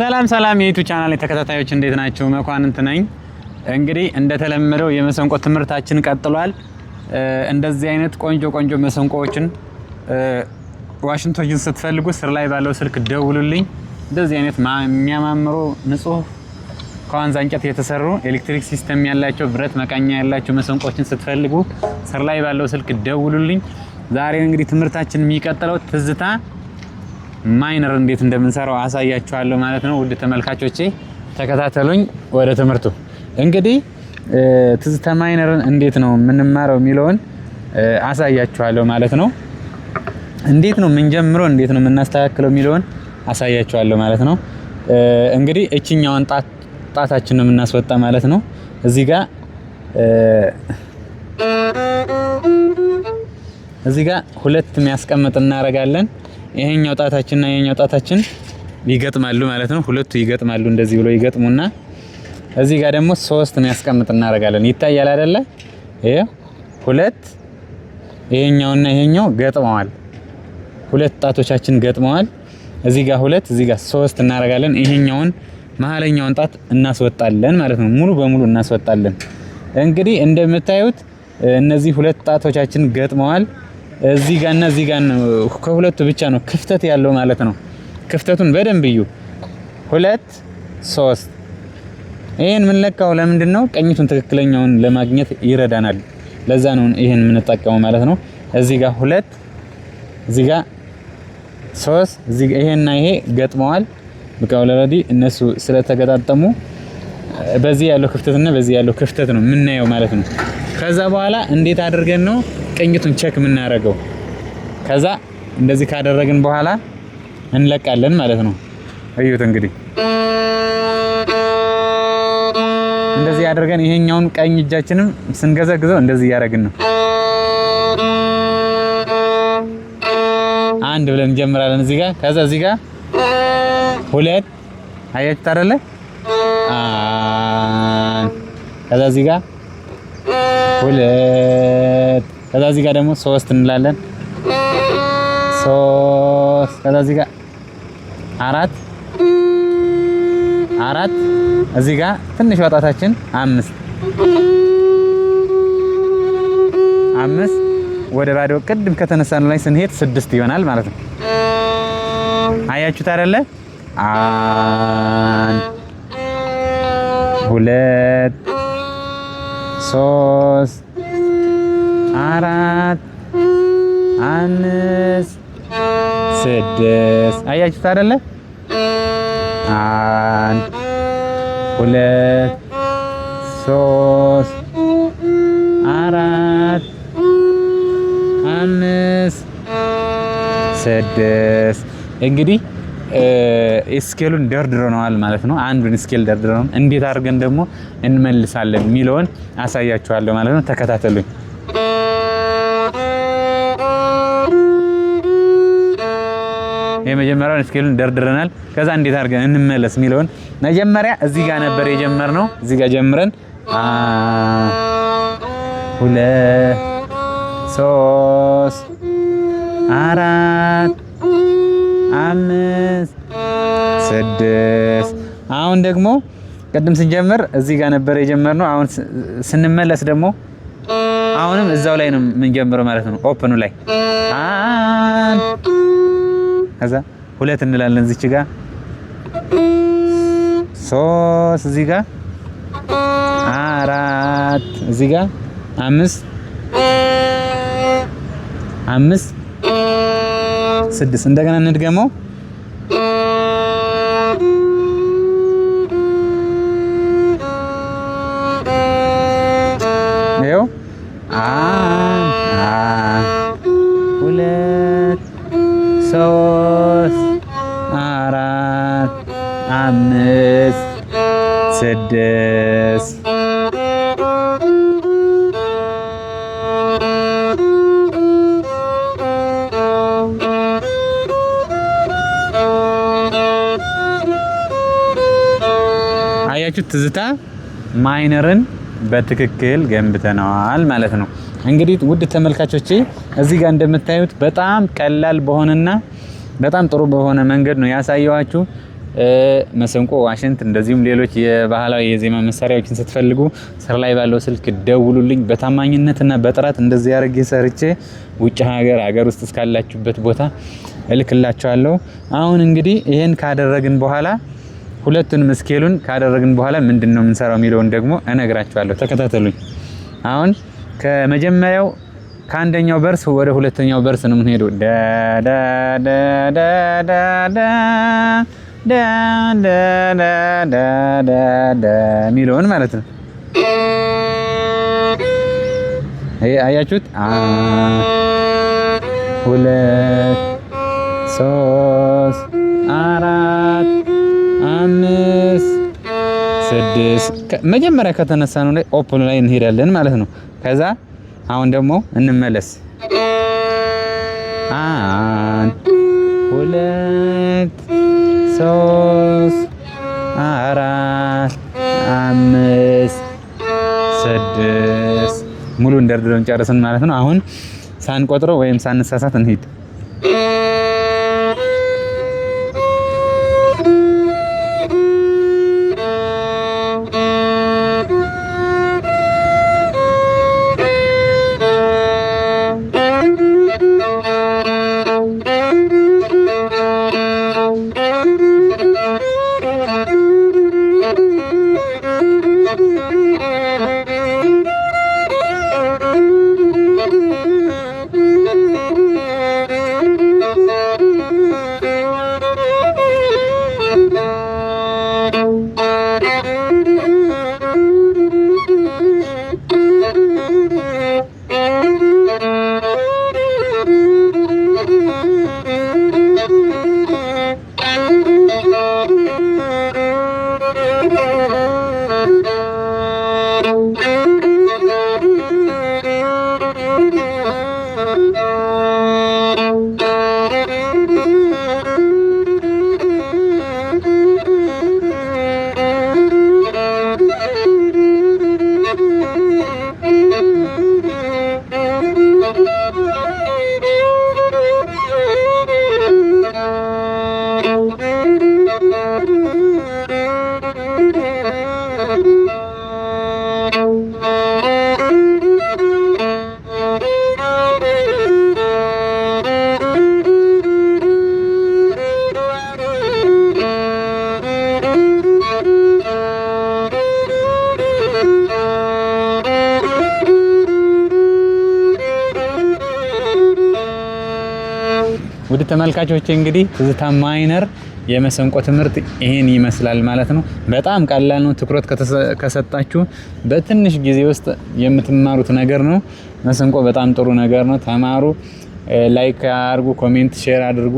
ሰላም ሰላም የዩቱ ቻናል ተከታታዮች እንዴት ናቸው? መኳንንት ነኝ። እንግዲህ እንደተለመደው የመሰንቆ ትምህርታችን ቀጥሏል። እንደዚህ አይነት ቆንጆ ቆንጆ መሰንቆዎችን ዋሽንቶችን ስትፈልጉ ስር ላይ ባለው ስልክ ደውሉልኝ። እንደዚህ አይነት የሚያማምሩ ንጹህ ከዋንዛ እንጨት የተሰሩ ኤሌክትሪክ ሲስተም ያላቸው ብረት መቃኛ ያላቸው መሰንቆዎችን ስትፈልጉ ስር ላይ ባለው ስልክ ደውሉልኝ። ዛሬ እንግዲህ ትምህርታችን የሚቀጥለው ትዝታ ማይነር እንዴት እንደምንሰራው አሳያችኋለሁ ማለት ነው። ውድ ተመልካቾቼ ተከታተሉኝ። ወደ ትምህርቱ እንግዲህ ትዝተ ማይነርን እንዴት ነው የምንማረው የሚለውን አሳያችኋለሁ ማለት ነው። እንዴት ነው የምንጀምረው፣ እንዴት ነው የምናስተካክለው የሚለውን አሳያችኋለሁ ማለት ነው። እንግዲህ እችኛዋን ጣታችን ነው የምናስወጣ ማለት ነው። እዚህ ጋር እዚህ ጋር ሁለት የሚያስቀምጥ እናደርጋለን። ይሄኛው ጣታችንና ይሄኛው ጣታችን ይገጥማሉ ማለት ነው። ሁለቱ ይገጥማሉ። እንደዚህ ብሎ ይገጥሙና እዚህ ጋር ደግሞ ሶስት የሚያስቀምጥ እናደርጋለን። ይታያል አይደለ? ይሄ ሁለት ይሄኛውና ይሄኛው ገጥመዋል። ሁለት ጣቶቻችን ገጥመዋል። እዚህ ጋር ሁለት፣ እዚህ ጋር ሶስት እናደርጋለን። ይሄኛውን መሀለኛውን ጣት እናስወጣለን ማለት ነው። ሙሉ በሙሉ እናስወጣለን። እንግዲህ እንደምታዩት እነዚህ ሁለት ጣቶቻችን ገጥመዋል። እዚህ ጋርና እዚህ ጋር ከሁለቱ ብቻ ነው ክፍተት ያለው ማለት ነው። ክፍተቱን በደንብ እዩ። ሁለት ሶስት ይህን የምንለካው ለምንድን ነው? ቀኝቱን ትክክለኛውን ለማግኘት ይረዳናል። ለዛ ነው ይሄን የምንጠቀመው ማለት ነው። እዚህ ጋር ሁለት እዚህ ጋር ሶስት እዚህ ይሄና ይሄ ገጥመዋል። በቃ ኦልሬዲ እነሱ ስለተገጣጠሙ በዚህ ያለው ክፍተትና በዚህ ያለው ክፍተት ነው የምናየው ማለት ነው። ከዛ በኋላ እንዴት አድርገን ነው ቀኝቱን ቼክ የምናደርገው ከዛ እንደዚህ ካደረግን በኋላ እንለቃለን ማለት ነው። እዩት እንግዲህ እንደዚህ ያደርገን። ይሄኛውን ቀኝ እጃችንም ስንገዘግዘው እንደዚህ እያደረግን ነው። አንድ ብለን እንጀምራለን እዚህ ጋር ከዛ እዚህ ጋር ሁለት አያችሁት አይደለ? ከዛ እዚህ ጋር ሁለት ከዛ እዚህ ጋር ደግሞ ሶስት እንላለን። ሶስት ከዛ እዚህ ጋር አራት አራት እዚህ ጋር ትንሽ ወጣታችን አምስት አምስት ወደ ባዶ ቅድም ከተነሳን ላይ ስንሄድ ስድስት ይሆናል ማለት ነው። አያችሁት አይደለ? አንድ ሁለት ሶስት አራት አምስት ስድስት አያችሁት አይደለ? አንድ ሁለት ሶስት አራት አምስት ስድስት እንግዲህ ስኬሉን ደርድረነዋል ማለት ነው። አንዱን ስኬል ደርድረነው እንዴት አድርገን ደግሞ እንመልሳለን የሚለውን አሳያችኋለሁ ማለት ነው። ተከታተሉኝ። የመጀመሪያውን ስኬሉን ደርድረናል። ከዛ እንዴት አድርገን እንመለስ የሚለውን መጀመሪያ እዚህ ጋር ነበር የጀመርነው። እዚህ ጋር ጀምረን ሁለ ሶስት አራት አምስት ስድስት አሁን ደግሞ ቅድም ስንጀምር እዚህ ጋር ነበር የጀመርነው። አሁን ስንመለስ ደግሞ አሁንም እዛው ላይ ነው የምንጀምረው ማለት ነው። ኦፕኑ ላይ ከዛ ሁለት እንላለን እዚች ጋር ሶስት እዚህ ጋር አራት እዚህ ጋር አምስት አምስት ስድስት እንደገና እንድገመው ይኸው ሁለት ሰው አምስት ስድስት አያችሁ ትዝታ ማይነርን በትክክል ገንብተነዋል ማለት ነው። እንግዲህ ውድ ተመልካቾቼ እዚህ ጋር እንደምታዩት በጣም ቀላል በሆነና በጣም ጥሩ በሆነ መንገድ ነው ያሳየዋችሁ። መሰንቆ፣ ዋሽንት እንደዚሁም ሌሎች የባህላዊ የዜማ መሳሪያዎችን ስትፈልጉ ስር ላይ ባለው ስልክ ደውሉልኝ። በታማኝነትና በጥራት እንደዚህ ያደርጌ ሰርቼ ውጭ ሀገር፣ ሀገር ውስጥ እስካላችሁበት ቦታ እልክላችኋለሁ። አሁን እንግዲህ ይሄን ካደረግን በኋላ ሁለቱን ምስኬሉን ካደረግን በኋላ ምንድን ነው የምንሰራው የሚለውን ደግሞ እነግራችኋለሁ። ተከታተሉኝ። አሁን ከመጀመሪያው ከአንደኛው በርስ ወደ ሁለተኛው በርስ ነው የምንሄደው። ዳዳዳዳዳ የሚለውን ማለት ነው። አያችሁት? ሁለት ሶስት አራት አምስት ስድስት መጀመሪያ ከተነሳ ነው ላይ ኦፕን ላይ እንሄዳለን ማለት ነው። ከዛ አሁን ደግሞ እንመለስ። አንድ ሁለት ሶስት አራት አምስት ስድስት ሙሉ እንደርድረን ጨርስን ማለት ነው። አሁን ሳንቆጥረው ወይም ሳንሳሳት እንሂድ። ውድ ተመልካቾች እንግዲህ ትዝታ ማይነር የመሰንቆ ትምህርት ይሄን ይመስላል ማለት ነው። በጣም ቀላል ነው። ትኩረት ከሰጣችሁ በትንሽ ጊዜ ውስጥ የምትማሩት ነገር ነው። መሰንቆ በጣም ጥሩ ነገር ነው። ተማሩ። ላይክ አድርጉ፣ ኮሜንት ሼር አድርጉ።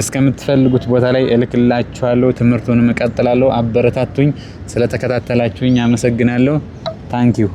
እስከምትፈልጉት ቦታ ላይ እልክላችኋለሁ። ትምህርቱንም እቀጥላለሁ። አበረታቱኝ። ስለተከታተላችሁኝ አመሰግናለሁ። ታንኪዩ